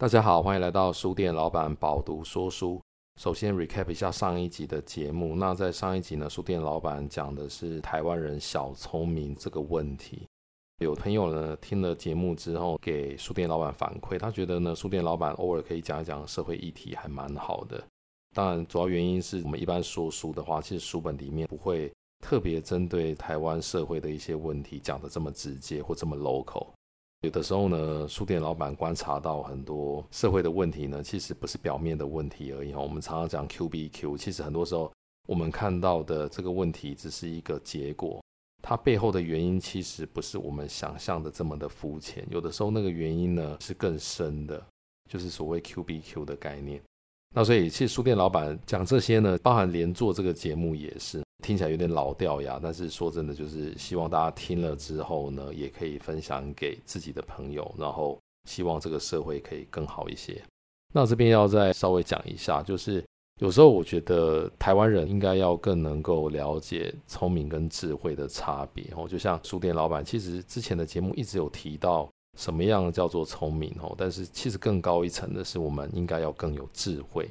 大家好，歡迎來到書店老闆飽讀說書。首先 recap 一下上一集的節目。那在上一集呢，書店老闆講的是台灣人小聰明這個問題。有朋友呢聽了節目之後，給書店老闆反饋，他覺得呢，書店老闆偶爾可以講一講社會議題，還蠻好的。當然，主要原因是我們一般說書的話，其實書本裡面不會特別針對台灣社會的一些問題講得這麼直接或這麼 local。有的時候呢，書店老闆觀察到很多社會的問題呢，其實不是表面的問題而已。我們常常講 QBQ，其實很多時候我們看到的這個問題只是一個結果，它背後的原因其實不是我們想象的這麼的膚淺。有的時候那個原因呢是更深的，就是所謂 QBQ 的概念。那所以，其實書店老板講這些呢，包含連做這個節目也是，聽起來有點老掉牙。但是說真的，就是希望大家聽了之後呢，也可以分享給自己的朋友，然後希望這個社會可以更好一些。那這邊要再稍微講一下，就是有時候我覺得台灣人應該要更能夠了解聰明跟智慧的差別。然後就像書店老板，其實之前的節目一直有提到。什麼樣叫做聰明哦？但是其實更高一層的是，我們應該要更有智慧。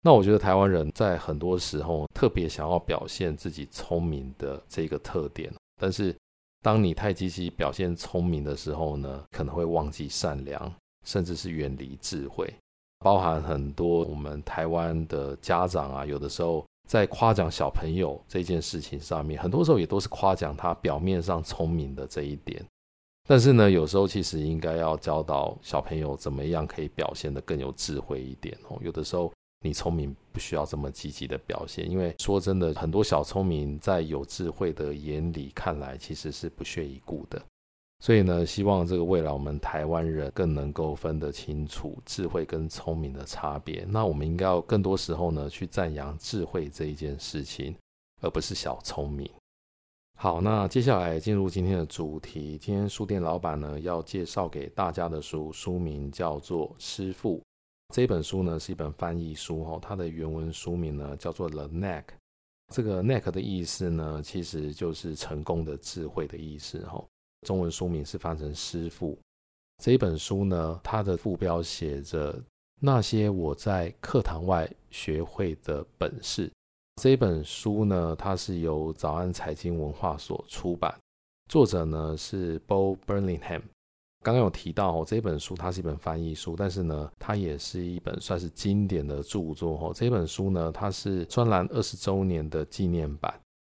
那我覺得台灣人在很多時候特別想要表現自己聰明的這個特點，但是當你太積極表現聰明的時候呢，可能會忘記善良，甚至是遠離智慧。包含很多我們台灣的家長啊，有的時候在誇獎小朋友這件事情上面，很多時候也都是誇獎他表面上聰明的這一點。但是呢，有時候其實應該要教導小朋友怎麼樣可以表現得更有智慧一點哦。有的時候你聰明不需要這麼積極的表現，因為說真的，很多小聰明在有智慧的眼裡看來其實是不屑一顧的。所以呢，希望這個未來我們台灣人更能夠分得清楚智慧跟聰明的差別。那我們應該要更多時候呢，去讚揚智慧這一件事情，而不是小聰明。好，那接下來進入今天的主題。今天書店老板呢要介紹給大家的書，書名叫做《師父》。這本書呢是一本翻譯書哈，它的原文書名呢叫做《The Knack》。這個 “knack” 的意思呢，其實就是成功的智慧的意思哈。中文書名是翻成《師父》。這一本書呢，它的副標寫着：“那些我在課堂外學會的本事。”這本書呢，它是由早安財經文化所出版，作者呢是 Bo Burlingham。剛剛有提到這本書，它是一本翻譯書，但是呢，它也是一本算是經典的著作。哦，這本書呢，它是專欄二十周年的紀念版。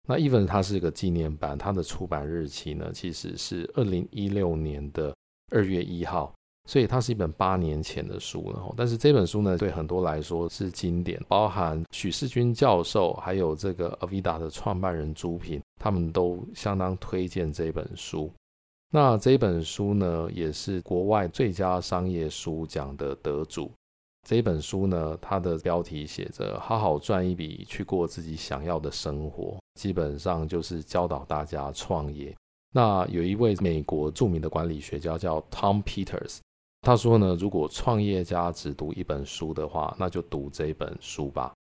那 Even 它是一個紀念版，它的出版日期呢，其實是二零一六年的二月一號。所以它是一本八年前的書，然後但是這本書呢，對很多來說是經典，包含許士軍教授，還有這個阿維達的創辦人朱平，他們都相當推薦這本書。那這本書呢，也是國外最佳商業書獎的得主。這本書呢，它的標題寫着“好好賺一筆，去過自己想要的生活”，基本上就是教導大家創業。那有一位美國著名的管理學家叫 Tom Peters。他說呢，如果創業家只讀一本書的話，那就讀這本書吧。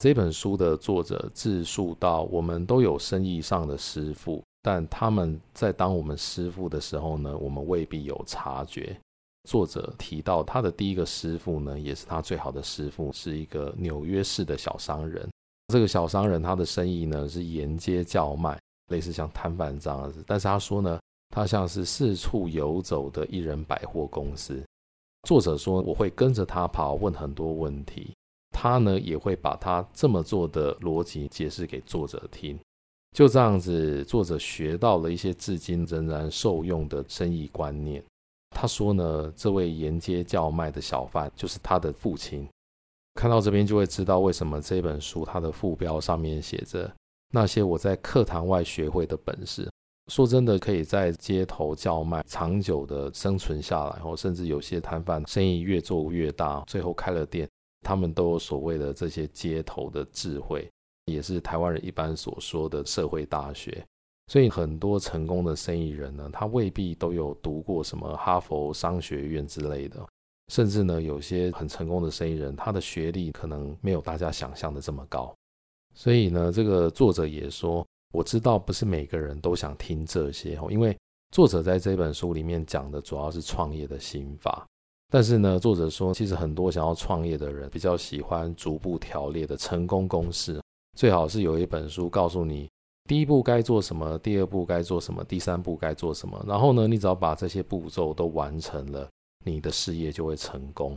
這本書的作者自述道，我們都有生意上的師父，但他們在當我們師父的時候呢，我們未必有察覺。作者提到他的第一個師父呢，也是他最好的師父，是一個紐約市的小商人。這個小商人他的生意呢是沿街叫賣，類似像攤販這樣子。但是他說呢。他像是四處遊走的一人百貨公司。作者說：“我會跟着他跑，問很多問題。他呢，也會把他這麼做的邏輯解釋給作者聽。就這樣子，作者學到了一些至今仍然受用的生意觀念。”他說呢，“這位沿街叫賣的小販就是他的父親。看到這邊就會知道為什麼這本書它的副標上面寫着‘那些我在課堂外學會的本事’。”說真的，可以在街頭叫賣，長久的生存下來，甚至有些攤販生意越做越大，最後開了店，他們都有所謂的這些街頭的智慧，也是台灣人一般所說的社會大學。所以很多成功的生意人呢，他未必都有讀過什麼哈佛商學院之類的，甚至呢，有些很成功的生意人，他的學歷可能沒有大家想象的這麼高。所以呢，這個作者也說。我知道不是每個人都想聽這些，因為作者在這本書裡面講的主要是創業的心法。但是呢，作者說，其實很多想要創業的人比較喜歡逐步條列的成功公式，最好是有一本書告訴你第一步該做什麼，第二步該做什麼，第三步該做什麼。然後呢，你只要把這些步驟都完成了，你的事業就會成功。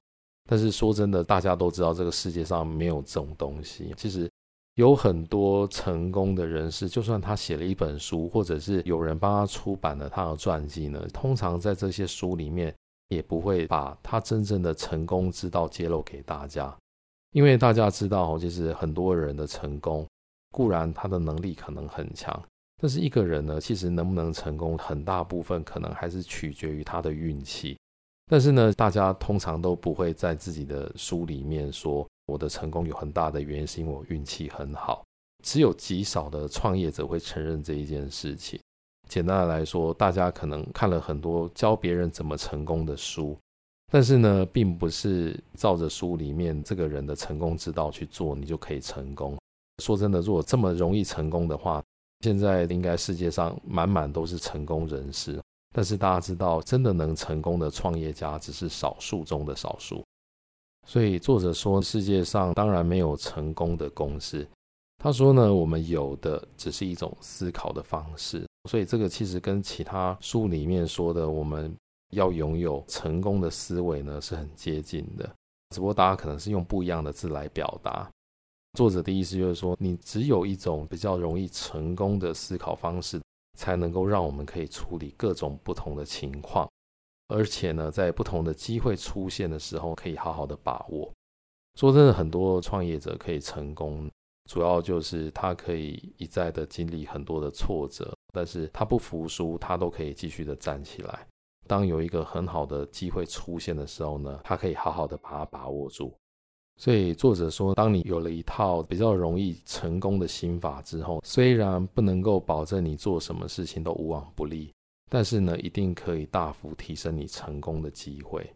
但是說真的，大家都知道這個世界上沒有這種東西，其實。有很多成功的人士，就算他寫了一本書，或者是有人幫他出版了他的傳記呢，通常在這些書裡面也不會把他真正的成功之道揭露給大家。因為大家知道，就是很多人的成功，固然他的能力可能很強，但是一個人呢，其實能不能成功，很大部分可能還是取決於他的運氣。但是呢，大家通常都不會在自己的書裡面說。我的成功有很大的原因，是因為我運氣很好。只有極少的創業者會承認這一件事情。簡單的來說，大家可能看了很多教別人怎麼成功的書，但是呢，並不是照着書裡面這個人的成功之道去做，你就可以成功。說真的，如果這麼容易成功的話，現在應該世界上滿滿都是成功人士。但是大家知道，真的能成功的創業家，只是少數中的少數。所以作者說，世界上當然沒有成功的公式。他說呢，我們有的只是一種思考的方式。所以這個其實跟其他書裡面說的，我們要擁有成功的思維呢，是很接近的。只不過大家可能是用不一樣的字來表達。作者的意思就是說，你只有一種比較容易成功的思考方式，才能夠讓我們可以處理各種不同的情況。而且呢，在不同的機會出現的時候，可以好好的把握。說真的，很多創業者可以成功，主要就是他可以一再的經歷很多的挫折，但是他不服輸，他都可以繼續的站起來。當有一個很好的機會出現的時候呢，他可以好好的把它把握住。所以作者說，當你有了一套比較容易成功的心法之後，雖然不能夠保證你做什麼事情都無往不利。但是呢，一定可以大幅提升你成功的機會。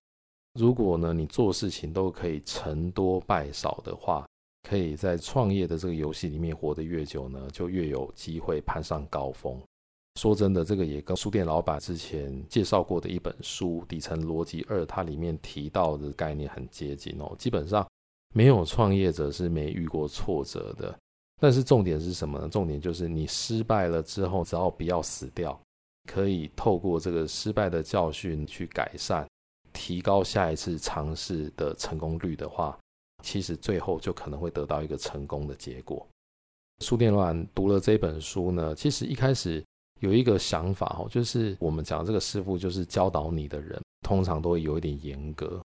如果呢，你做事情都可以成多敗少的話，可以在創業的這個遊戲裡面活得越久呢，就越有機會攀上高峰。說真的，這個也跟書店老闆之前介紹過的一本書《底層邏輯二》，它裡面提到的概念很接近哦。基本上，沒有創業者是沒遇過挫折的。但是重點是什麼呢？重點就是你失敗了之後，只要不要死掉。可以透過這個失敗的教訓去改善，提高下一次嘗試的成功率的話，其實最後就可能會得到一個成功的結果。書店老闆讀了這本書呢，其實一開始有一個想法哦，就是我們講這個師父就是教導你的人，通常都會有一點嚴格。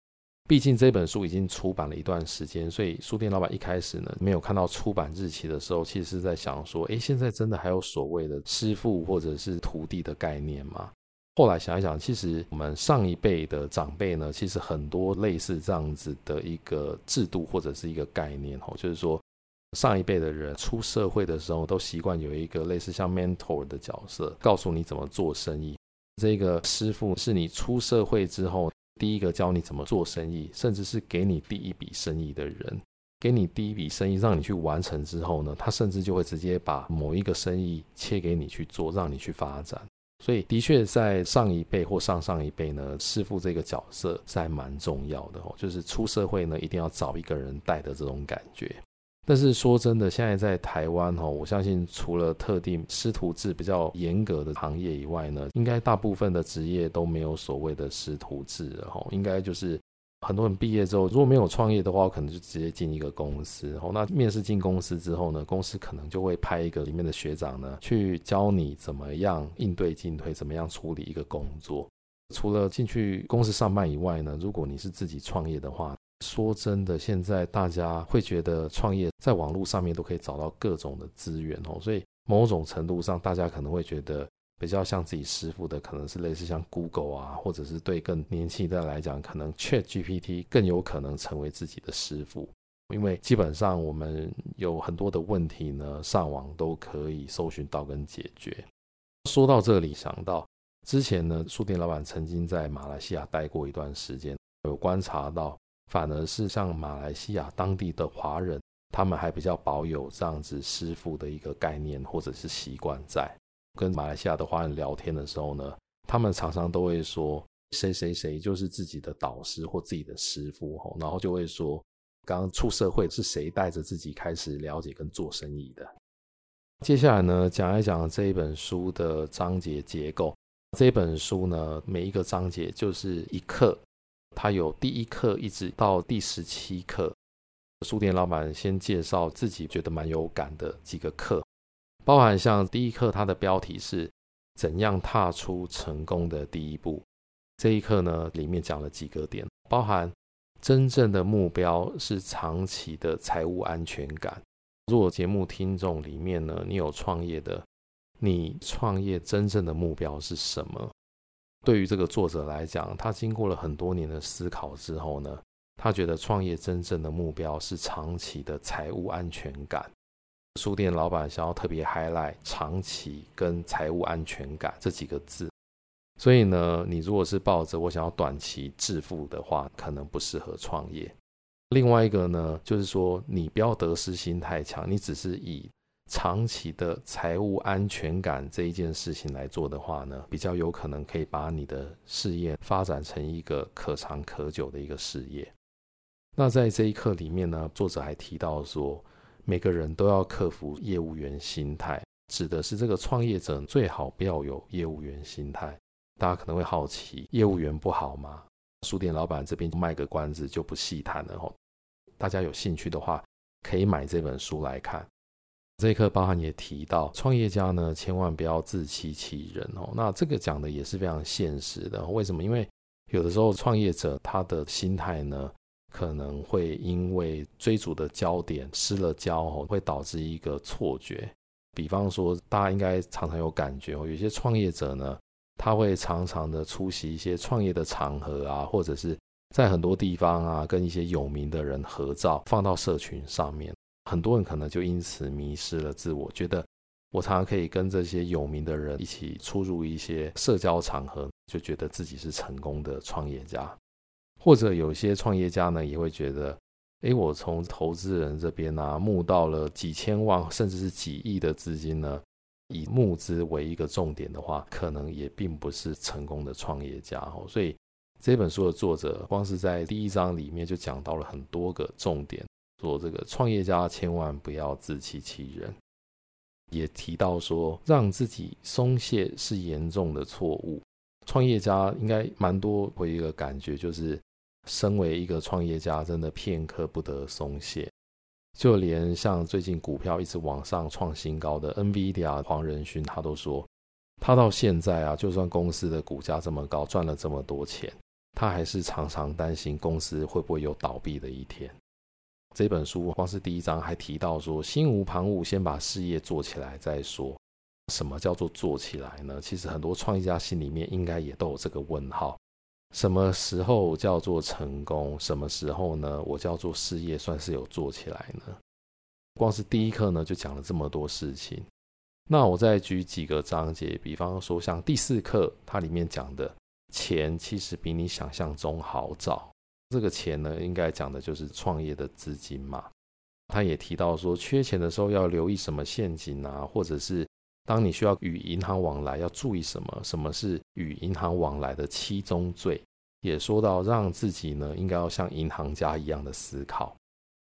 畢竟這本書已經出版了一段時間，所以書店老闆一開始呢沒有看到出版日期的時候，其實是在想說，誒，現在真的還有所謂的師父或者是徒弟的概念嗎？後來想一想，其實我們上一輩的長輩呢，其實很多類似這樣子的一個制度或者是一個概念哦，就是說上一輩的人出社會的時候都習慣有一個類似像 mentor 的角色，告訴你怎麼做生意。這個師父是你出社會之後。第一個教你怎麼做生意，甚至是給你第一筆生意的人，給你第一筆生意，讓你去完成之後呢，他甚至就會直接把某一個生意切給你去做，讓你去發展。所以，的確在上一輩或上上一輩呢，師父這個角色是還蠻重要的哦，就是出社會呢，一定要找一個人帶的這種感覺。但是說真的，現在在台灣哈，我相信除了特定師徒制比較嚴格的行業以外呢，應該大部分的職業都沒有所謂的師徒制了，然後應該就是很多人畢業之後，如果沒有創業的話，可能就直接進一個公司，然後那面試進公司之後呢，公司可能就會派一個裡面的學長呢去教你怎麼樣應對進退，怎麼樣處理一個工作。除了進去公司上班以外呢，如果你是自己創業的話。說真的，現在大家會覺得創業在網絡上面都可以找到各種的資源哦，所以某種程度上，大家可能會覺得比較像自己師父的，可能是類似像 Google 啊，或者是對更年輕的來講，可能 ChatGPT 更有可能成為自己的師父，因為基本上我們有很多的問題呢，上網都可以搜尋到跟解決。說到這裡，想到之前呢，書店老闆曾經在馬來西亞待過一段時間，有觀察到。反而是像馬來西亞當地的華人，他們還比較保有這樣子師父的一個概念，或者是習慣在，在跟馬來西亞的華人聊天的時候呢，他們常常都會說誰誰誰就是自己的導師或自己的師父，然後就會說剛剛出社會是誰帶着自己開始了解跟做生意的。接下來呢，講一講這一本書的章節結構。這本書呢，每一個章節就是一課。它有第一課一直到第十七課，書店老闆先介紹自己覺得蠻有感的幾個課，包含像第一課，它的標題是“怎樣踏出成功的第一步”。這一課呢，裡面講了幾個點，包含真正的目標是長期的財務安全感。如果節目聽眾裡面呢，你有創業的，你創業真正的目標是什麼？對於這個作者來講，他經過了很多年的思考之後呢，他覺得創業真正的目標是長期的財務安全感。書店老板想要特別 highlight 長期跟財務安全感這幾個字。所以呢，你如果是抱着我想要短期致富的話，可能不適合創業。另外一個呢，就是說你不要得失心太強，你只是以，長期的財務安全感這一件事情來做的話呢，比較有可能可以把你的事業發展成一個可長可久的一個事業。那在這一課裡面呢，作者還提到說，每個人都要克服業務員心態，指的是這個創業者最好不要有業務員心態。大家可能會好奇，業務員不好嗎？書店老闆這邊賣個關子就不細談了哦，大家有興趣的話，可以買這本書來看。這一課包含也提到，創業家呢，千萬不要自欺欺人哦。那這個講的也是非常現實的。為什麼？因為有的時候創業者他的心態呢，可能會因為追逐的焦點失了焦哦，會導致一個錯覺。比方說，大家應該常常有感覺哦，有些創業者呢，他會常常的出席一些創業的場合啊，或者是在很多地方啊，跟一些有名的人合照，放到社群上面。很多人可能就因此迷失了自我，覺得我常常可以跟這些有名的人一起出入一些社交場合，就覺得自己是成功的創業家。或者有些創業家呢，也會覺得，哎，我從投資人這邊啊，募到了幾千萬，甚至是幾億的資金呢，以募資為一個重點的話，可能也並不是成功的創業家。所以這本書的作者，光是在第一章裡面就講到了很多個重點。做這個創業家，千萬不要自欺欺人。也提到說，讓自己鬆懈是嚴重的錯誤。創業家應該蠻多會有一個感覺就是，身為一個創業家，真的片刻不得鬆懈。就連像最近股票一直往上創新高的 NVIDIA 黃仁勳，他都說，他到現在啊，就算公司的股價這麼高，賺了這麼多錢，他還是常常擔心公司會不會有倒閉的一天。這本書光是第一章還提到說，心無旁騖，先把事業做起來再說。什麼叫做做起來呢？其實很多創業家心裡面應該也都有這個問號：什麼時候叫做成功？什麼時候呢？我叫做事業算是有做起來呢？光是第一課呢，就講了這麼多事情。那我再舉幾個章節，比方說像第四課，它裡面講的錢其實比你想象中好找。這個錢呢，應該講的就是創業的資金嘛。他也提到說，缺錢的時候要留意什麼陷阱啊，或者是當你需要與銀行往來要注意什麼？什麼是與銀行往來的七宗罪？也說到讓自己呢，應該要像銀行家一樣的思考。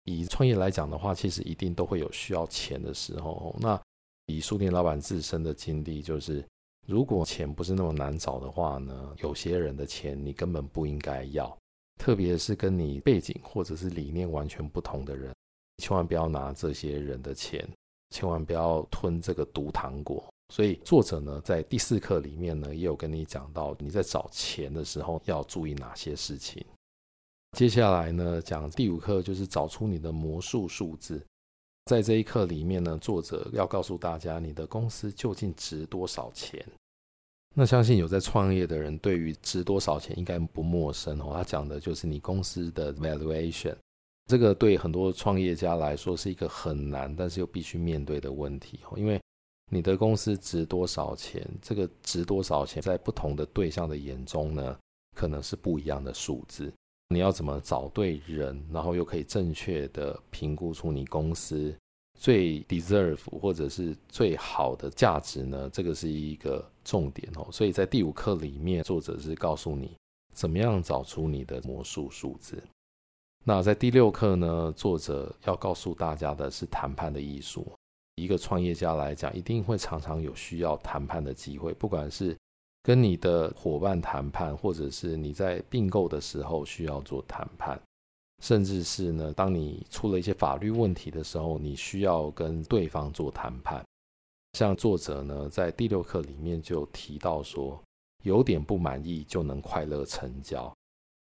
以創業來講的話，其實一定都會有需要錢的時候。那以書店老闆自身的經歷，就是如果錢不是那麼難找的話呢，有些人的錢你根本不應該要。特別是跟你背景或者是理念完全不同的人，千萬不要拿這些人的錢，千萬不要吞這個毒糖果。所以作者呢，在第四課裡面呢，也有跟你講到你在找錢的時候要注意哪些事情。接下來呢，講第五課就是找出你的魔術數字。在這一課裡面呢，作者要告訴大家，你的公司究竟值多少錢。那相信有在創業的人，對於值多少錢應該不陌生哦。他講的就是你公司的 valuation，這個對很多創業家來說是一個很難，但是又必須面對的問題，因為你的公司值多少錢，這個值多少錢，在不同的對象的眼中呢，可能是不一樣的數字。你要怎麼找對人，然後又可以正確的評估出你公司？最 deserve 或者是最好的價值呢？這個是一個重點哦。所以在第五課裡面，作者是告訴你怎麼樣找出你的魔術數字。那在第六課呢，作者要告訴大家的是談判的藝術。一個創業家來講，一定會常常有需要談判的機會，不管是跟你的伙伴談判，或者是你在併購的時候需要做談判。甚至是呢，當你出了一些法律問題的時候，你需要跟對方做談判。像作者呢，在第六課裡面就提到說，有點不滿意就能快樂成交。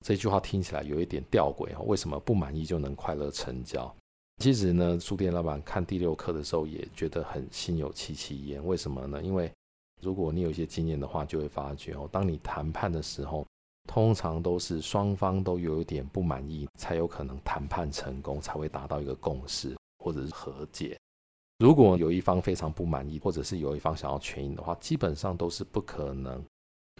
這句話聽起來有一點吊詭哦，為什麼不滿意就能快樂成交？其實呢，書店老闆看第六課的時候也覺得很心有戚戚焉。為什麼呢？因為如果你有一些經驗的話，就會發覺哦，當你談判的時候，通常都是雙方都有一點不滿意，才有可能談判成功，才會達到一個共識或者是和解。如果有一方非常不滿意，或者是有一方想要權益的話，基本上都是不可能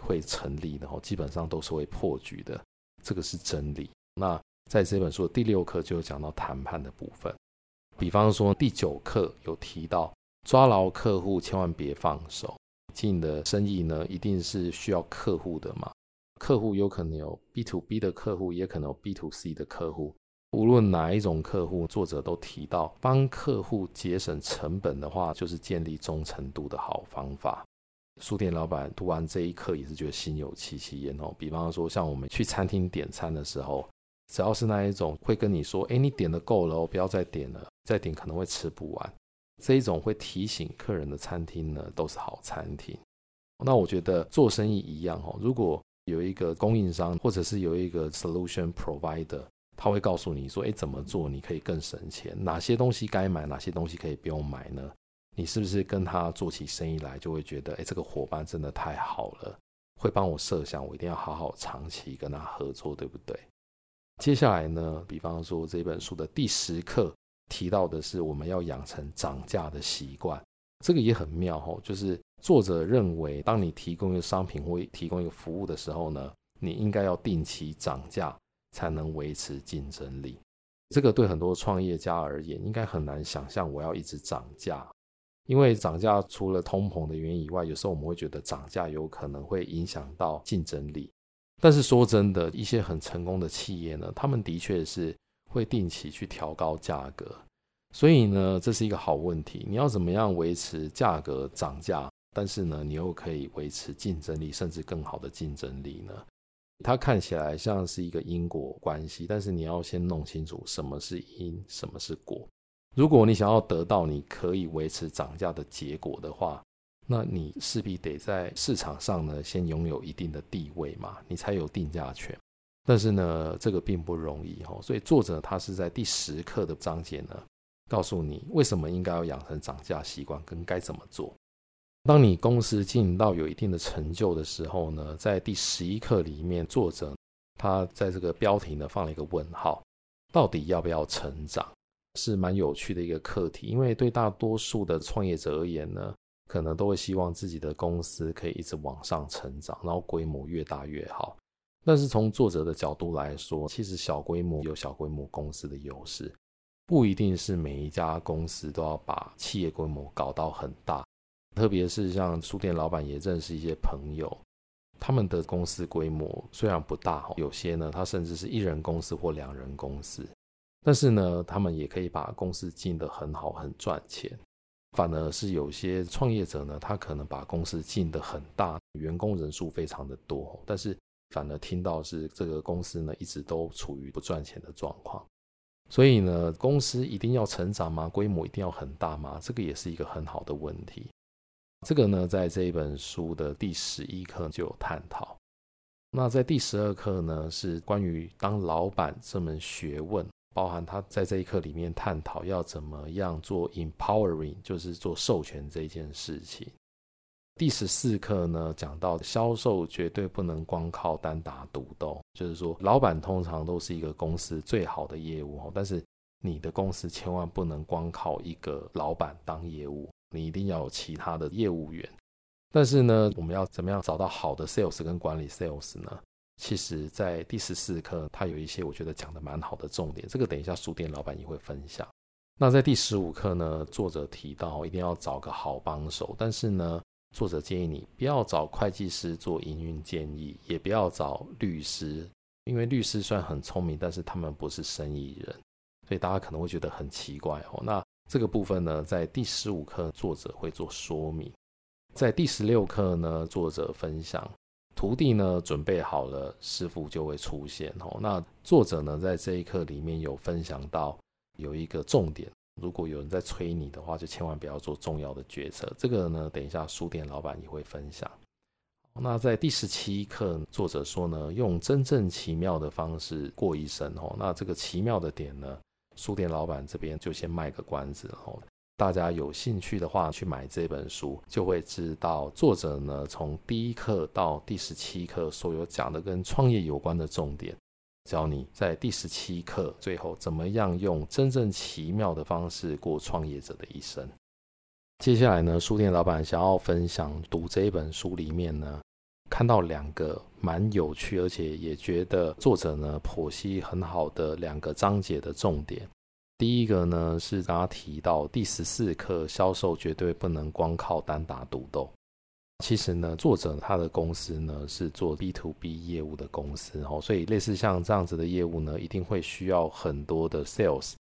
會成立的，哦，基本上都是會破局的。這個是真理。那在這本書的第六課就有講到談判的部分，比方說第九課有提到抓牢客戶，千萬別放手。你的生意呢，一定是需要客戶的嘛。客戶有可能有 B to B 的客戶，也可能有 B to C 的客戶。無論哪一種客戶，作者都提到，幫客戶節省成本的話，就是建立忠誠度的好方法。書店老板讀完這一課也是覺得心有戚戚焉哦。比方說，像我們去餐廳點餐的時候，只要是那一種會跟你說：“誒你點得夠了，不要再點了，再點可能會吃不完。”這一種會提醒客人的餐廳呢，都是好餐廳。那我覺得做生意一樣哦，如果有一個供應商，或者是有一個 solution provider，他會告訴你說：“哎，怎麼做你可以更省錢？哪些東西該買，哪些東西可以不用買呢？”你是不是跟他做起生意來就會覺得：“哎，這個夥伴真的太好了，會幫我設想，我一定要好好長期跟他合作，對不對？”接下來呢，比方說這本書的第十課提到的是我們要養成漲價的習慣，這個也很妙哦。就是。作者認為，當你提供一個商品或提供一個服務的時候呢，你應該要定期漲價才能維持競爭力。這個對很多創業家而言，應該很難想象我要一直漲價，因為漲價除了通膨的原因以外，有時候我們會覺得漲價有可能會影響到競爭力。但是說真的，一些很成功的企業呢，他們的確是會定期去調高價格。所以呢，這是一個好問題，你要怎麼樣維持價格、漲價？但是呢，你又可以維持競爭力，甚至更好的競爭力呢？它看起來像是一個因果關係，但是你要先弄清楚什麼是因，什麼是果。如果你想要得到你可以維持漲價的結果的話，那你勢必得在市場上呢先擁有一定的地位嘛，你才有定價權。但是呢，這個並不容易哦，所以作者他是在第十課的章節呢，告訴你為什麼應該要養成漲價習慣，跟該怎麼做。當你公司經營到有一定的成就的時候呢，在第十一課裡面，作者他在這個標題呢放了一個問號，到底要不要成長，是蠻有趣的一個課題。因為對大多數的創業者而言呢，可能都會希望自己的公司可以一直往上成長，然後規模越大越好。但是從作者的角度來說，其實小規模有小規模公司的優勢，不一定是每一家公司都要把企業規模搞到很大。特別是像書店老闆也認識一些朋友，他們的公司規模雖然不大，有些呢他甚至是一人公司或兩人公司，但是呢他們也可以把公司經營得很好，很賺錢。反而是有些創業者呢，他可能把公司經營得很大，員工人數非常的多，但是反而聽到是這個公司呢一直都處於不賺錢的狀況。所以呢，公司一定要成長嗎？規模一定要很大嗎？這個也是一個很好的問題。這個呢，在這一本書的第十一課就有探討。那在第十二課呢，是關於當老闆這門學問，包含他在這一課裡面探討要怎麼樣做 empowering，就是做授權這件事情。第十四課呢，講到銷售絕對不能光靠單打獨鬥，就是說，老闆通常都是一個公司最好的業務哦，但是你的公司千萬不能光靠一個老闆當業務。你一定要有其他的業務員，但是呢，我們要怎麼樣找到好的 sales 跟管理 sales 呢？其實，在第十四課，它有一些我覺得講得蠻好的重點，這個等一下書店老闆也會分享。那在第十五課呢，作者提到一定要找個好幫手，但是呢，作者建議你不要找會計師做營運建議，也不要找律師，因為律師雖然很聰明，但是他們不是生意人，所以大家可能會覺得很奇怪哦。那這個部分呢，在第十五課作者會做說明，在第十六課呢，作者分享徒弟呢準備好了，師父就會出現哦。那作者呢，在這一課裡面有分享到有一個重點，如果有人在催你的話，就千萬不要做重要的決策。這個呢，等一下書店老闆也會分享。那在第十七課，作者說呢，用真正奇妙的方式過一生哦。那這個奇妙的點呢？書店老闆這邊就先賣個關子，然後大家有興趣的話去買這本書，就會知道作者呢，從第一課到第十七課所有講的跟創業有關的重點，教你在第十七課最後怎麼樣用真正奇妙的方式過創業者的一生。接下來呢，書店老闆想要分享讀這本書裡面呢，看到兩個蠻有趣，而且也覺得作者呢剖析很好的兩個章節的重點。第一個呢是大家提到第十四課，銷售絕對不能光靠單打獨鬥。其實呢，作者他的公司呢是做 B to B 業務的公司哦，所以類似像這樣子的業務呢，一定會需要很多的 sales。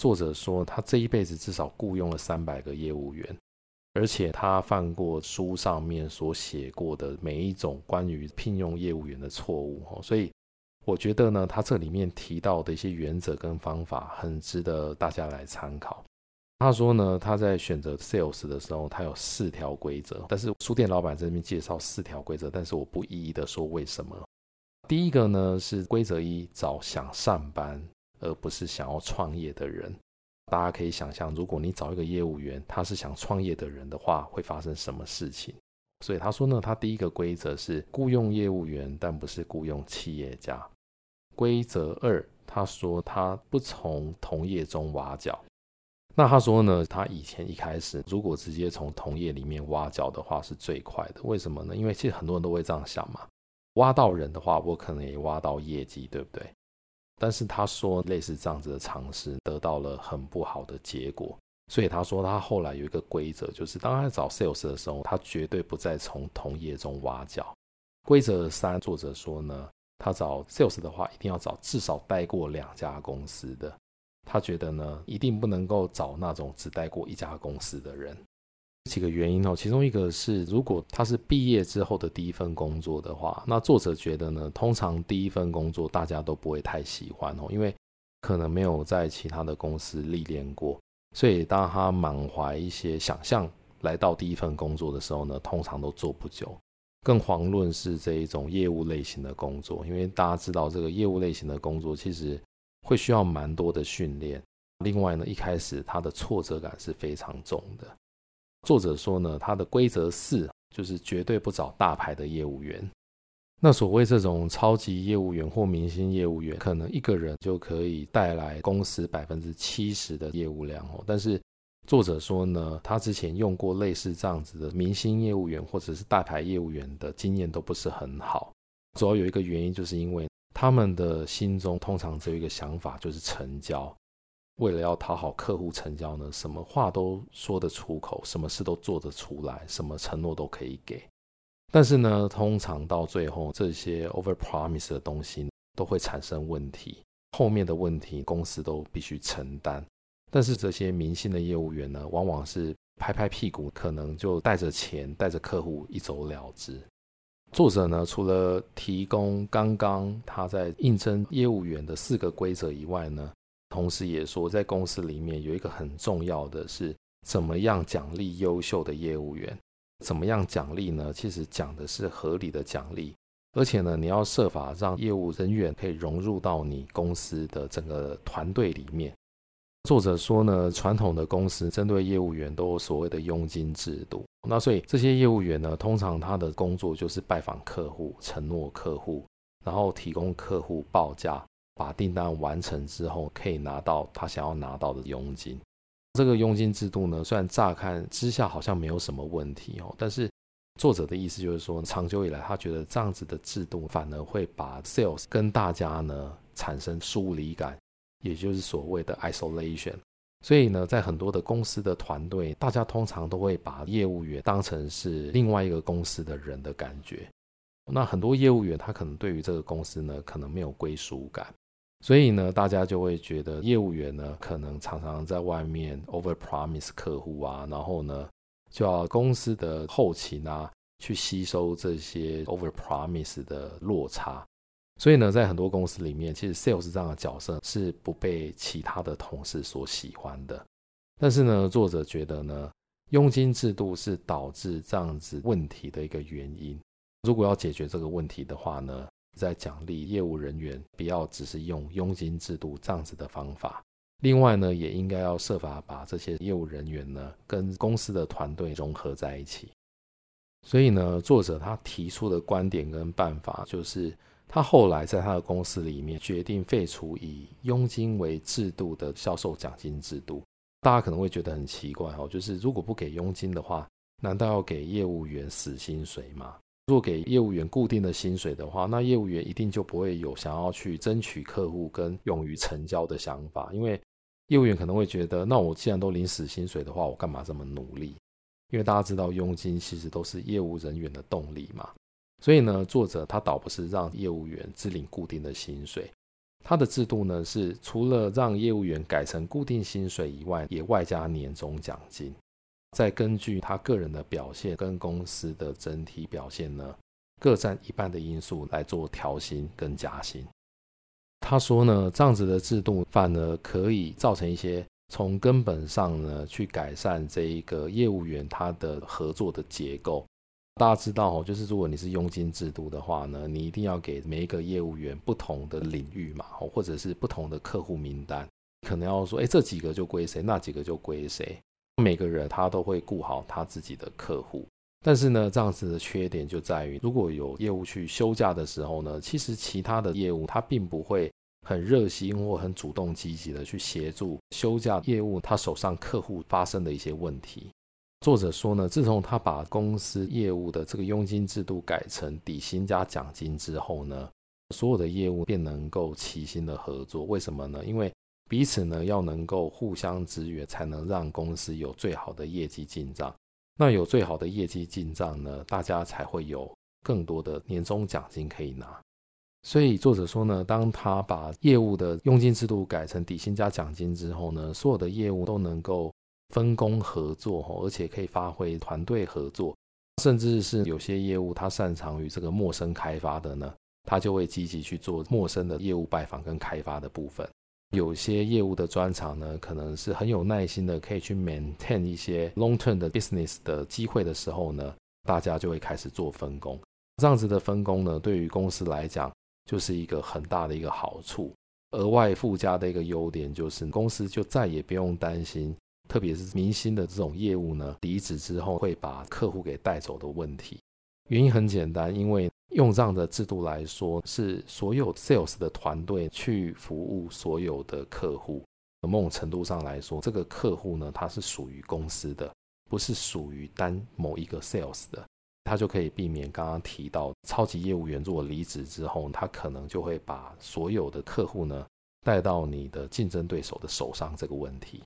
作者說他這一輩子至少僱傭了三百個業務員。而且他犯過書上面所寫過的每一種關於聘用業務員的錯誤，所以我覺得呢，他這裡面提到的一些原則跟方法很值得大家來參考。他說呢，他在選擇 sales 的時候，他有四條規則，但是書店老闆這邊介紹四條規則，但是我不一一的說為什麼。第一個呢是規則一，找想上班而不是想要創業的人。大家可以想象，如果你找一個業務員，他是想創業的人的話，會發生什麼事情？所以他說呢，他第一個規則是僱傭業務員，但不是僱傭企業家。規則二，他說他不從同業中挖角。那他說呢，他以前一開始如果直接從同業裡面挖角的話是最快的，為什麼呢？因為其實很多人都會這樣想嘛，挖到人的話，我可能也挖到業績，對不對？但是他說類似這樣子的嘗試得到了很不好的結果，所以他說他後來有一個規則，就是當他找 sales 的時候，他絕對不再從同業中挖角。規則三，作者說呢，他找 sales 的話一定要找至少待過兩家公司的，他覺得呢，一定不能夠找那種只待過一家公司的人。幾個原因哦，其中一個是，如果他是畢業之後的第一份工作的話，那作者覺得呢，通常第一份工作大家都不會太喜歡哦，因為可能沒有在其他的公司歷練過，所以當他滿懷一些想象來到第一份工作的時候呢，通常都做不久，更遑論是這一種業務類型的工作，因為大家知道這個業務類型的工作其實會需要蠻多的訓練，另外呢，一開始他的挫折感是非常重的。作者說呢，他的規則四就是絕對不找大牌的業務員。那所謂這種超級業務員或明星業務員，可能一個人就可以帶來公司百分之七十的業務量哦。但是作者說呢，他之前用過類似這樣子的明星業務員或者是大牌業務員的經驗都不是很好。主要有一個原因，就是因為他們的心中通常只有一個想法，就是成交。為了要討好客戶成交呢，什麼話都說得出口，什麼事都做得出來，什麼承諾都可以給。但是呢，通常到最後，這些 over promise 的東西都會產生問題，後面的問題公司都必須承擔。但是這些明星的業務員呢，往往是拍拍屁股，可能就帶着錢、帶着客戶一走了之。作者呢，除了提供剛剛他在應徵業務員的四個規則以外呢。同時也說，在公司裡面有一個很重要的是，怎麼樣獎勵優秀的業務員？怎麼樣獎勵呢？其實講的是合理的獎勵，而且呢，你要設法讓業務人員可以融入到你公司的整個團隊裡面。作者說呢，傳統的公司針對業務員都有所謂的佣金制度，那所以這些業務員呢，通常他的工作就是拜訪客戶、承諾客戶，然後提供客戶報價。把訂單完成之後，可以拿到他想要拿到的佣金。這個佣金制度呢，雖然乍看之下好像沒有什麼問題哦，但是作者的意思就是說，長久以來他覺得這樣子的制度反而會把 sales 跟大家呢產生疏離感，也就是所謂的 isolation。所以呢，在很多的公司的團隊，大家通常都會把業務員當成是另外一個公司的人的感覺。那很多業務員他可能對於這個公司呢，可能沒有歸屬感。所以呢，大家就會覺得業務員呢，可能常常在外面 over promise 客戶啊，然後呢，就要公司的後勤啊，去吸收這些 over promise 的落差。所以呢，在很多公司裡面，其實 sales 這樣的角色是不被其他的同事所喜歡的。但是呢，作者覺得呢，佣金制度是導致這樣子問題的一個原因。如果要解決這個問題的話呢，在獎勵業務人員，不要只是用佣金制度這樣子的方法。另外呢，也應該要設法把這些業務人員呢，跟公司的團隊融合在一起。所以呢，作者他提出的觀點跟辦法，就是他後來在他的公司裡面決定廢除以佣金為制度的銷售獎金制度。大家可能會覺得很奇怪哈，就是如果不給佣金的話，難道要給業務員死薪水嗎？如果給業務員固定的薪水的話，那業務員一定就不會有想要去爭取客戶跟勇於成交的想法，因為業務員可能會覺得，那我既然都領死薪水的話，我幹嘛這麼努力？因為大家知道，佣金其實都是業務人員的動力嘛。所以呢，作者他倒不是讓業務員自領固定的薪水，他的制度呢是除了讓業務員改成固定薪水以外，也外加年終獎金。再根據他個人的表現跟公司的整體表現呢，各占一半的因素來做調薪跟加薪。他說呢，這樣子的制度反而可以造成一些從根本上呢去改善這一個業務員他的合作的結構。大家知道哦，就是如果你是佣金制度的話呢，你一定要給每一個業務員不同的領域嘛，或者是不同的客戶名單，可能要說，哎、欸，這幾個就歸誰，那幾個就歸誰。每個人他都會顧好他自己的客戶，但是呢，這樣子的缺點就在於，如果有業務去休假的時候呢，其實其他的業務他並不會很熱心或很主動積極的去協助休假業務他手上客戶發生的一些問題。作者說呢，自從他把公司業務的這個佣金制度改成底薪加獎金之後呢，所有的業務便能夠齊心的合作。為什麼呢？因為彼此呢要能夠互相制約，才能讓公司有最好的業績進賬。那有最好的業績進賬呢，大家才會有更多的年終獎金可以拿。所以作者說呢，當他把業務的佣金制度改成底薪加獎金之後呢，所有的業務都能夠分工合作，而且可以發揮團隊合作。甚至是有些業務他擅長於這個陌生開發的呢，他就會積極去做陌生的業務拜訪跟開發的部分。有些業務的專長呢，可能是很有耐心的，可以去 maintain 一些 long term 的 business 的機會的時候呢，大家就會開始做分工。這樣子的分工呢，對於公司來講就是一個很大的一個好處。額外附加的一個優點就是，公司就再也不用擔心，特別是明星的這種業務呢，離職之後會把客戶給帶走的問題。原因很簡單，因為用這樣的制度來說，是所有 sales 的團隊去服務所有的客戶。某種程度上來說，這個客戶呢，它是屬於公司的，不是屬於單某一個 sales 的，它就可以避免剛剛提到超級業務員如果離職之後，他可能就會把所有的客戶呢帶到你的競爭對手的手上這個問題。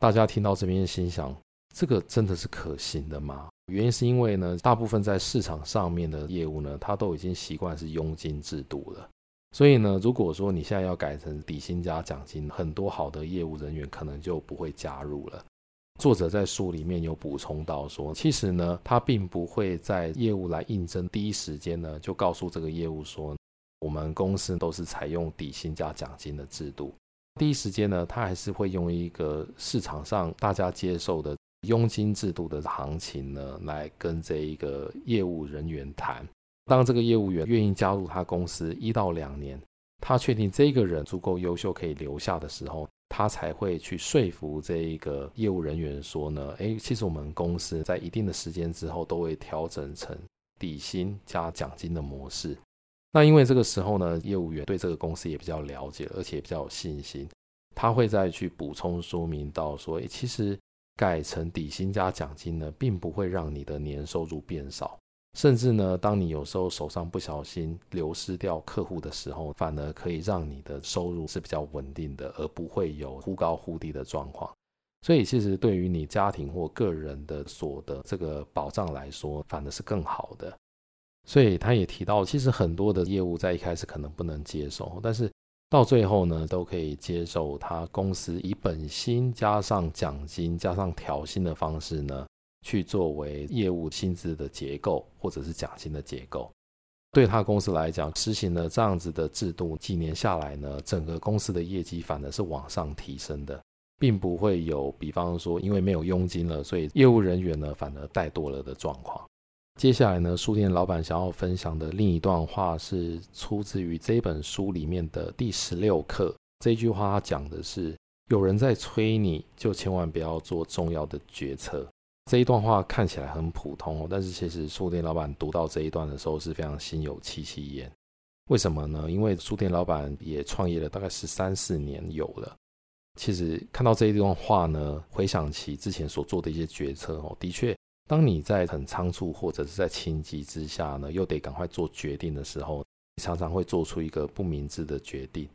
大家聽到這邊心想，這個真的是可行的嗎？原因是因為呢，大部分在市場上面的業務呢，他都已經習慣是佣金制度了。所以呢，如果說你現在要改成底薪加獎金，很多好的業務人員可能就不會加入了。作者在書裡面有補充到說，其實呢，他並不會在業務來應徵第一時間呢，就告訴這個業務說，我們公司都是採用底薪加獎金的制度。第一時間呢，他還是會用一個市場上大家接受的。佣金制度的行情呢，來跟這一個業務人員談。當這個業務員願意加入他公司一到兩年，他確定這個人足夠優秀可以留下的時候，他才會去說服這一個業務人員說呢，誒，其實我們公司在一定的時間之後都會調整成底薪加獎金的模式。那因為這個時候呢，業務員對這個公司也比較了解，而且比較有信心，他會再去補充說明到說，誒，其實。改成底薪加獎金呢，並不會讓你的年收入變少，甚至呢，當你有時候手上不小心流失掉客戶的時候，反而可以讓你的收入是比較穩定的，而不會有忽高忽低的狀況。所以，其實對於你家庭或個人的所得這個保障來說，反而是更好的。所以他也提到，其實很多的業務在一開始可能不能接受，但是，到最後呢，都可以接受他公司以本薪加上獎金加上調薪的方式呢，去作為業務薪資的結構，或者是獎金的結構。對他公司來講，實行了這樣子的制度，幾年下來呢，整個公司的業績反而是往上提升的，並不會有比方說因為沒有佣金了，所以業務人員呢反而帶多了的狀況。接下來呢，書店老闆想要分享的另一段話是出自於這本書裡面的第十六課。這一句話他講的是，有人在催你，就千萬不要做重要的決策。這一段話看起來很普通哦，但是其實書店老闆讀到這一段的時候是非常心有戚戚焉。為什麼呢？因為書店老闆也創業了大概十三四年有了，其實看到這一段話呢，回想起之前所做的一些決策哦，的確。當你在很倉促或者是在情急之下呢，又得趕快做決定的時候，你常常會做出一個不明智的決定。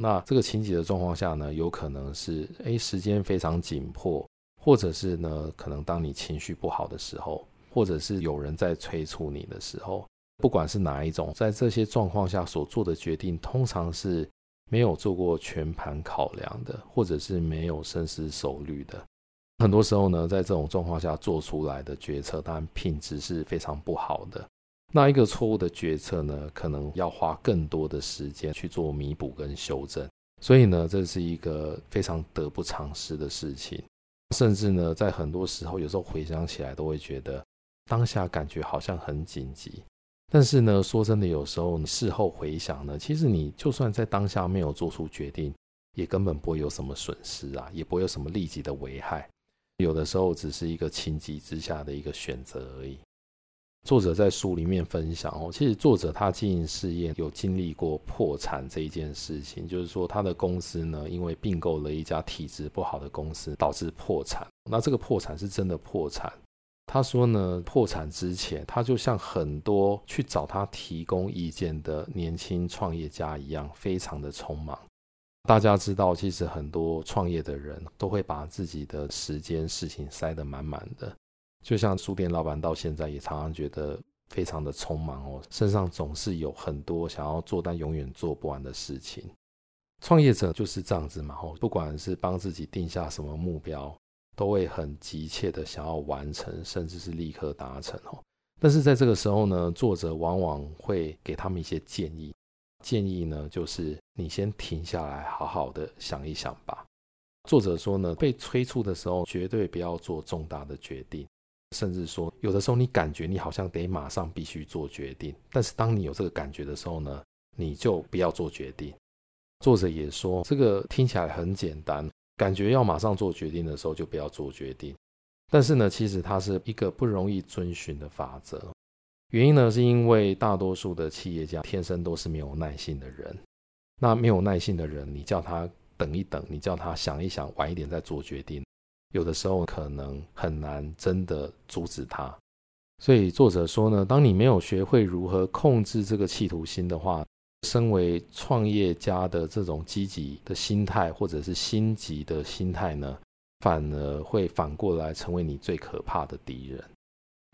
那這個情急的狀況下呢，有可能是，哎，時間非常緊迫，或者是呢，可能當你情緒不好的時候，或者是有人在催促你的時候，不管是哪一種，在這些狀況下所做的決定，通常是沒有做過全盤考量的，或者是沒有深思熟慮的。很多時候呢，在這種狀況下做出來的決策，當然品質是非常不好的。那一個錯誤的決策呢，可能要花更多的時間去做彌補跟修正，所以呢，這是一個非常得不償失的事情。甚至呢，在很多時候，有時候回想起來，都會覺得當下感覺好像很緊急。但是呢，說真的，有時候你事後回想呢，其實你就算在當下沒有做出決定，也根本不會有什麼損失啊，也不會有什麼立即的危害。有的時候只是一個情急之下的一個選擇而已。作者在書裡面分享哦，其實作者他經營事業有經歷過破產這一件事情，就是說他的公司呢，因為併購了一家體質不好的公司，導致破產。那這個破產是真的破產。他說呢，破產之前他就像很多去找他提供意見的年輕創業家一樣，非常的匆忙。大家知道，其實很多創業的人都會把自己的時間、事情塞得滿滿的。就像書店老闆到現在也常常覺得非常的匆忙哦，身上總是有很多想要做但永遠做不完的事情。創業者就是這樣子嘛，哦，不管是幫自己定下什麼目標，都會很急切的想要完成，甚至是立刻達成哦。但是在這個時候呢，作者往往會給他們一些建議。建議呢，就是你先停下來，好好的想一想吧。作者說呢，被催促的時候，絕對不要做重大的決定，甚至說有的時候你感覺你好像得馬上必須做決定，但是當你有這個感覺的時候呢，你就不要做決定。作者也說，這個聽起來很簡單，感覺要馬上做決定的時候就不要做決定，但是呢，其實它是一個不容易遵循的法則。原因呢，是因為大多數的企業家天生都是沒有耐心的人。那沒有耐心的人，你叫他等一等，你叫他想一想，晚一點再做決定，有的時候可能很難真的阻止他。所以作者說呢，當你沒有學會如何控制這個企圖心的話，身為創業家的這種積極的心態或者是心急的心態呢，反而會反過來成為你最可怕的敵人。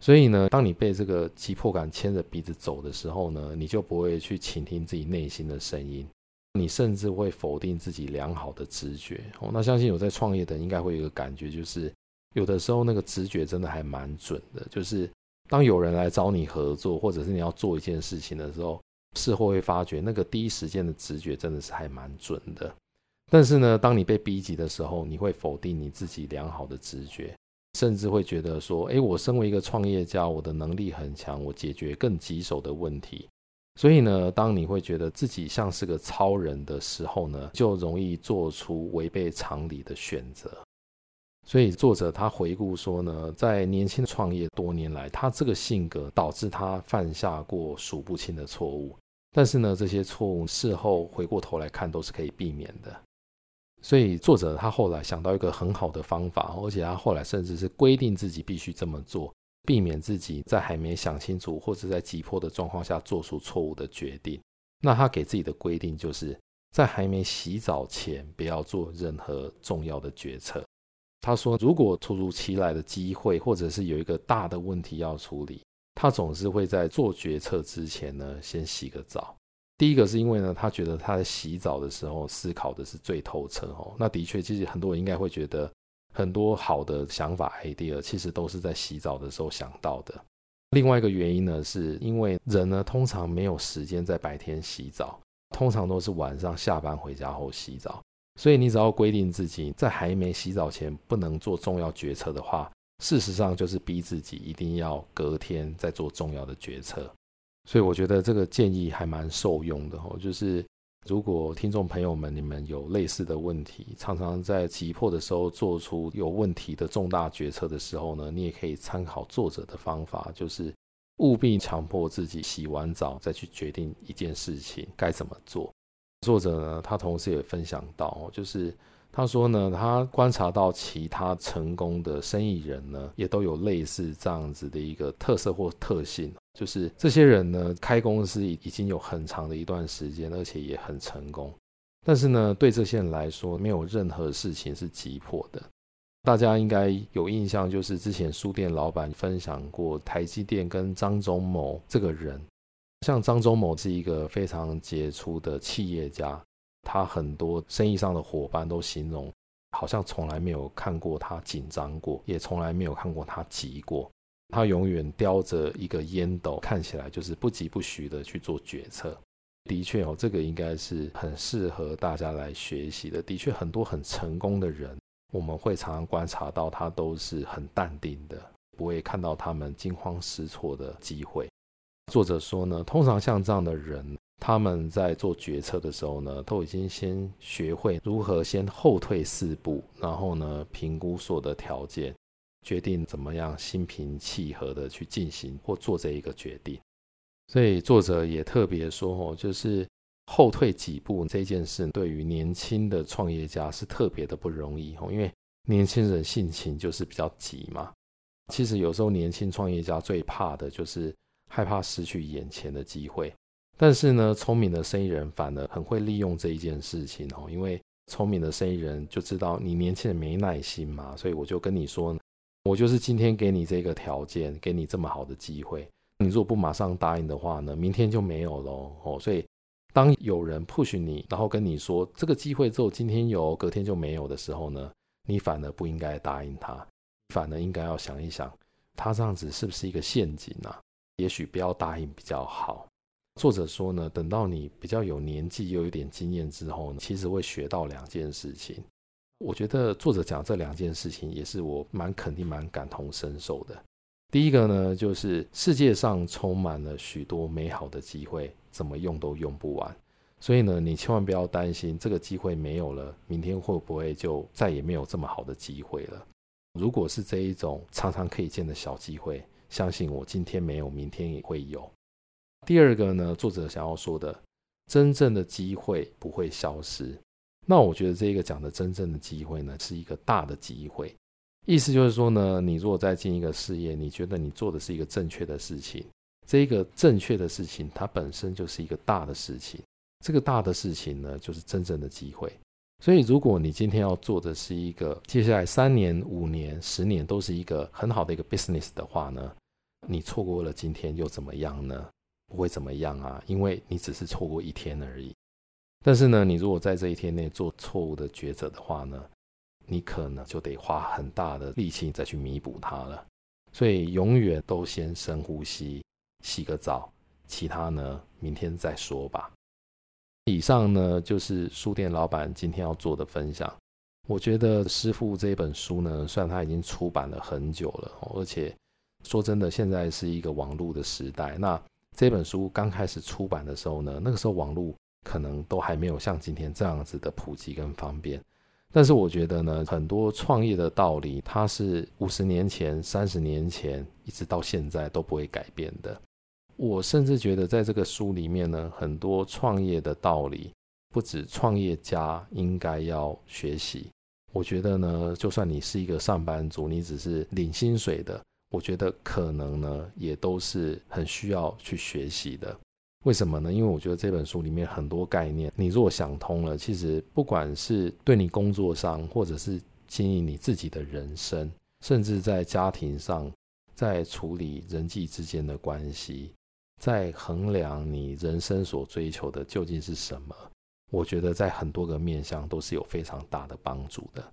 所以呢，當你被這個急迫感牽着鼻子走的時候呢，你就不會去傾聽自己內心的聲音，你甚至會否定自己良好的直覺。哦，那相信有在創業的應該會有一個感覺，就是有的時候那個直覺真的還蠻準的。就是當有人來找你合作，或者是你要做一件事情的時候，事後會發覺那個第一時間的直覺真的是還蠻準的。但是呢，當你被逼急的時候，你會否定你自己良好的直覺。甚至會覺得說，誒，我身為一個創業家，我的能力很強，我解決更棘手的問題。所以呢，當你會覺得自己像是個超人的時候呢，就容易做出違背常理的選擇。所以作者他回顧說呢，在年輕創業多年來，他這個性格導致他犯下過數不清的錯誤。但是呢，這些錯誤事後回過頭來看都是可以避免的。所以作者他後來想到一個很好的方法，而且他後來甚至是規定自己必須這麼做，避免自己在還沒想清楚或者在急迫的狀況下做出錯誤的決定。那他給自己的規定就是在還沒洗澡前不要做任何重要的決策。他說，如果突如其來的機會或者是有一個大的問題要處理，他總是會在做決策之前呢先洗個澡。第一個是因為呢，他覺得他在洗澡的時候思考的是最透徹哦。那的確，其實很多人應該會覺得，很多好的想法、idea 其實都是在洗澡的時候想到的。另外一個原因呢，是因為人呢通常沒有時間在白天洗澡，通常都是晚上下班回家後洗澡。所以你只要規定自己在還沒洗澡前不能做重要決策的話，事實上就是逼自己一定要隔天再做重要的決策。所以我覺得這個建議還蠻受用的吼，就是如果聽眾朋友們你們有類似的問題，常常在急迫的時候做出有問題的重大決策的時候呢，你也可以參考作者的方法，就是務必強迫自己洗完澡再去決定一件事情該怎麼做。作者呢，他同時也分享到，就是他說呢，他觀察到其他成功的生意人呢，也都有類似這樣子的一個特色或特性。就是這些人呢，開公司已經有很長的一段時間，而且也很成功。但是呢，對這些人來說，沒有任何事情是急迫的。大家應該有印象，就是之前書店老闆分享過台積電跟張忠謀這個人。像張忠謀是一個非常傑出的企業家，他很多生意上的夥伴都形容，好像從來沒有看過他緊張過，也從來沒有看過他急過。他永遠叼着一個煙斗，看起來就是不疾不徐的去做決策。的確哦，這個應該是很適合大家來學習的。的確，很多很成功的人，我們會常常觀察到他都是很淡定的，不會看到他們驚慌失措的機會。作者說呢，通常像這樣的人，他們在做決策的時候呢，都已經先學會如何先後退四步，然後呢評估所得條件。決定怎麼樣心平氣和的去進行或做這一個決定，所以作者也特別說哦，就是後退幾步這件事對於年輕的創業家是特別的不容易哦，因為年輕人性情就是比較急嘛。其實有時候年輕創業家最怕的就是害怕失去眼前的機會，但是呢，聰明的生意人反而很會利用這一件事情哦，因為聰明的生意人就知道你年輕人沒耐心嘛，所以我就跟你說。我就是今天給你這個條件，給你這麼好的機會，你如果不馬上答應的話呢，明天就沒有嘍。哦，所以當有人 push 你，然後跟你說這個機會只有今天有，隔天就沒有的時候呢，你反而不應該答應他，反而應該要想一想，他這樣子是不是一個陷阱啊？也許不要答應比較好。作者說呢，等到你比較有年紀又有一點經驗之後呢，其實會學到兩件事情。我覺得作者講這兩件事情也是我蠻肯定、蠻感同身受的。第一個呢，就是世界上充滿了許多美好的機會，怎麼用都用不完，所以呢，你千萬不要擔心這個機會沒有了，明天會不會就再也沒有這麼好的機會了？如果是這一種常常可以見的小機會，相信我，今天沒有，明天也會有。第二個呢，作者想要說的，真正的機會不會消失。那我覺得這個講的真正的機會呢，是一個大的機會。意思就是說呢，你如果在進一個事業，你覺得你做的是一個正確的事情，這個正確的事情它本身就是一個大的事情。這個大的事情呢，就是真正的機會。所以如果你今天要做的是一個，接下來三年、五年、十年都是一個很好的一個 business 的話呢，你錯過了今天又怎麼樣呢？不會怎麼樣啊，因為你只是錯過一天而已。但是呢，你如果在這一天內做錯誤的抉擇的話呢，你可能就得花很大的力氣再去彌補它了。所以永遠都先深呼吸，洗個澡，其他呢，明天再說吧。以上呢，就是書店老闆今天要做的分享。我覺得《師父》這本書呢，雖然它已經出版了很久了，而且說真的，現在是一個網絡的時代。那這本書剛開始出版的時候呢，那個時候網絡可能都還沒有像今天這樣子的普及跟方便，但是我覺得呢，很多創業的道理，它是五十年前、三十年前，一直到現在都不會改變的。我甚至覺得在這個書裡面呢，很多創業的道理，不止創業家應該要學習。我覺得呢，就算你是一個上班族，你只是領薪水的，我覺得可能呢，也都是很需要去學習的。為什麼呢？因為我覺得這本書裡面很多概念，你若想通了，其實不管是對你工作上，或者是經營你自己的人生，甚至在家庭上，在處理人際之間的關係，在衡量你人生所追求的究竟是什麼，我覺得在很多個面向都是有非常大的幫助的。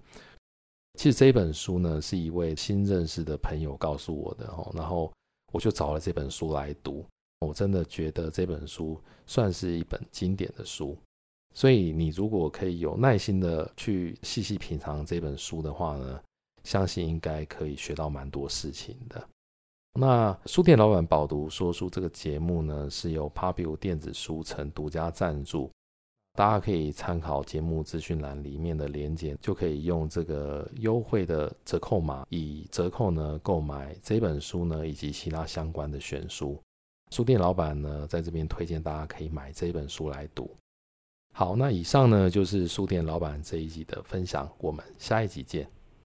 其實這本書呢，是一位新認識的朋友告訴我的哦，然後我就找了這本書來讀。我真的覺得這本書算是一本經典的書，所以你如果可以有耐心的去細細品嘗這本書的話呢，相信應該可以學到蠻多事情的。那書店老闆飽讀說書這個節目呢，是由 Pubu 電子書城獨家贊助，大家可以參考節目資訊欄裡面的鏈接，就可以用這個優惠的折扣碼以折扣呢購買這本書呢以及其他相關的選書。書店老闆呢，在這邊推薦大家可以買這一本書來讀。好，那以上呢就是書店老闆這一集的分享，我們下一集見。